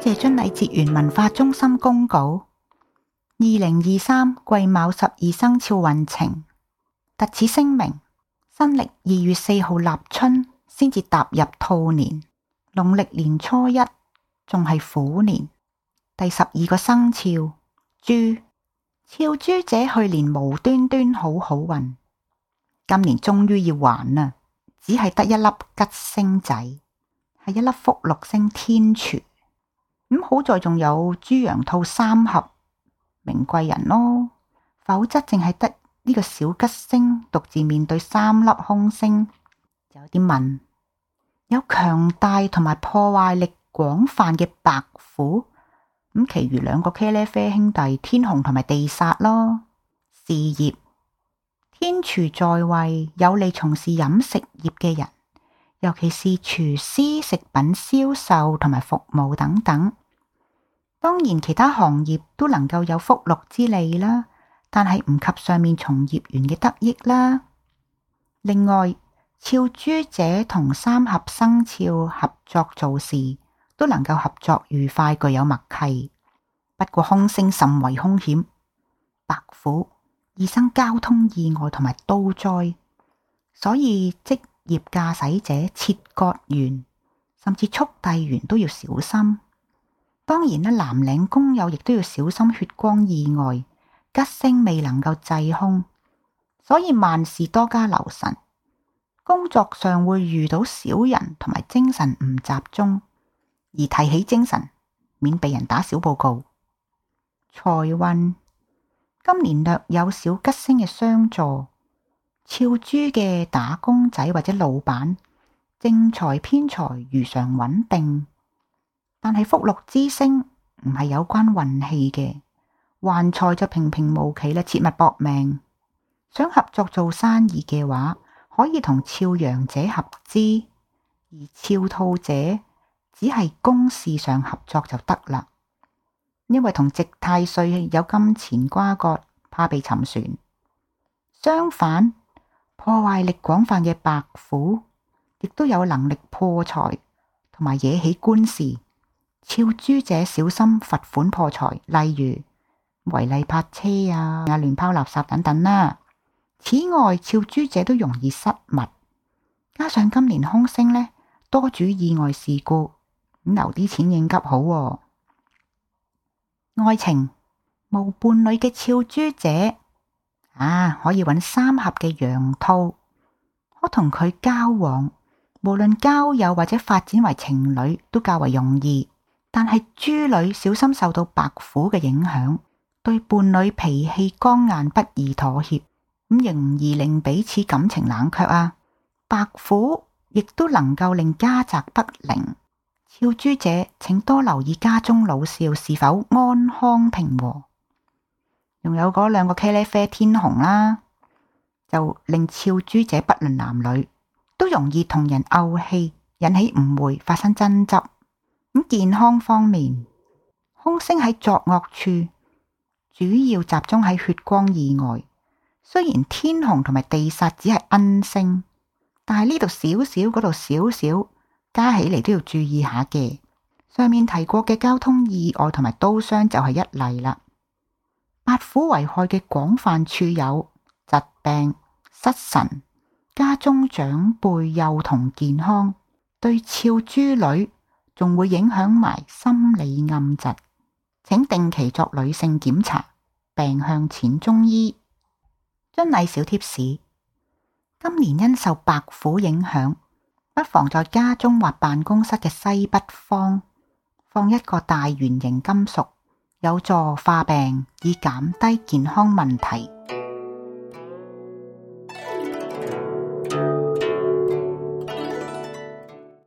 謝津禮節園文化中心公告：二零二三癸卯十二生肖運程特此聲明，新曆二月四號立春先至踏入兔年，農曆年初一仲係虎年。第十二個生肖豬，肖豬者去年無端端好好運，今年終於要還啦。只係得一粒吉星仔，係一粒福禄星天廚。咁好在仲有豬羊兔三合名貴人咯，否則淨係得呢個小吉星獨自面對三粒凶星，有啲問有強大同埋破壞力廣泛嘅白虎，咁其餘兩個茄喱啡兄弟天雄同埋地煞咯。事業，天廚在位，有利從事飲食業嘅人，尤其是廚師、食品銷售同埋服務等等。當然，其他行業都能夠有福祿之利啦，但係唔及上面從業員嘅得益啦。另外，肖豬者同三合生肖合作做事，都能夠合作愉快，具有默契。不過，凶星甚為凶險，白虎易生交通意外同埋刀災，所以職業駕駛者、切割員甚至速遞員都要小心。當然咧，藍領工友亦都要小心血光意外，吉星未能夠制空，所以萬事多加留神。工作上會遇到小人，同埋精神唔集中，而提起精神，免被人打小報告。財運今年略有小吉星嘅相助，肖豬嘅打工仔或者老闆，正財偏財如常穩定。但係福祿之星唔係有關運氣嘅，橫財就平平無奇啦。切勿搏命。想合作做生意嘅話，可以同肖羊者合資，而肖兔者只係公事上合作就得啦。因為同值太歲有金錢瓜葛，怕被沉船。相反，破壞力廣泛嘅白虎亦都有能力破財，同埋惹起官司。肖豬者小心罰款破財，例如違例泊車啊、亂拋垃圾等等啦、啊。此外，肖豬者都容易失物，加上今年凶星呢，多主意外事故，咁留啲錢應急好、啊。愛情，無伴侶嘅肖豬者啊，可以揾三合嘅羊兔，可同佢交往，無論交友或者發展為情侶都較為容易。但係豬女小心受到白虎嘅影響，對伴侶脾氣剛硬，不易妥協，咁仍然令彼此感情冷卻啊。白虎亦都能夠令家宅不寧，肖豬者請多留意家中老少是否安康平和。仲有嗰兩個茄喱啡天雄啦、啊，就令肖豬者不論男女都容易同人拗氣，引起誤會，發生爭執。咁健康方面，凶星喺作惡處，主要集中喺血光意外。雖然天雄同埋地煞只係恩星，但係呢度少少，嗰度少少，加起嚟，都要注意下嘅。上面提過嘅交通意外同埋刀傷就係一例啦。白虎為害嘅廣泛處有疾病、失神、家中長輩、幼童健康、對肖豬女。仲會影響埋心理暗疾，請定期作女性檢查，病向淺中醫。鐏澧小貼士：今年因受白虎影響，不妨在家中或辦公室嘅西北方放一個大圓形金屬，有助化病，以減低健康問題。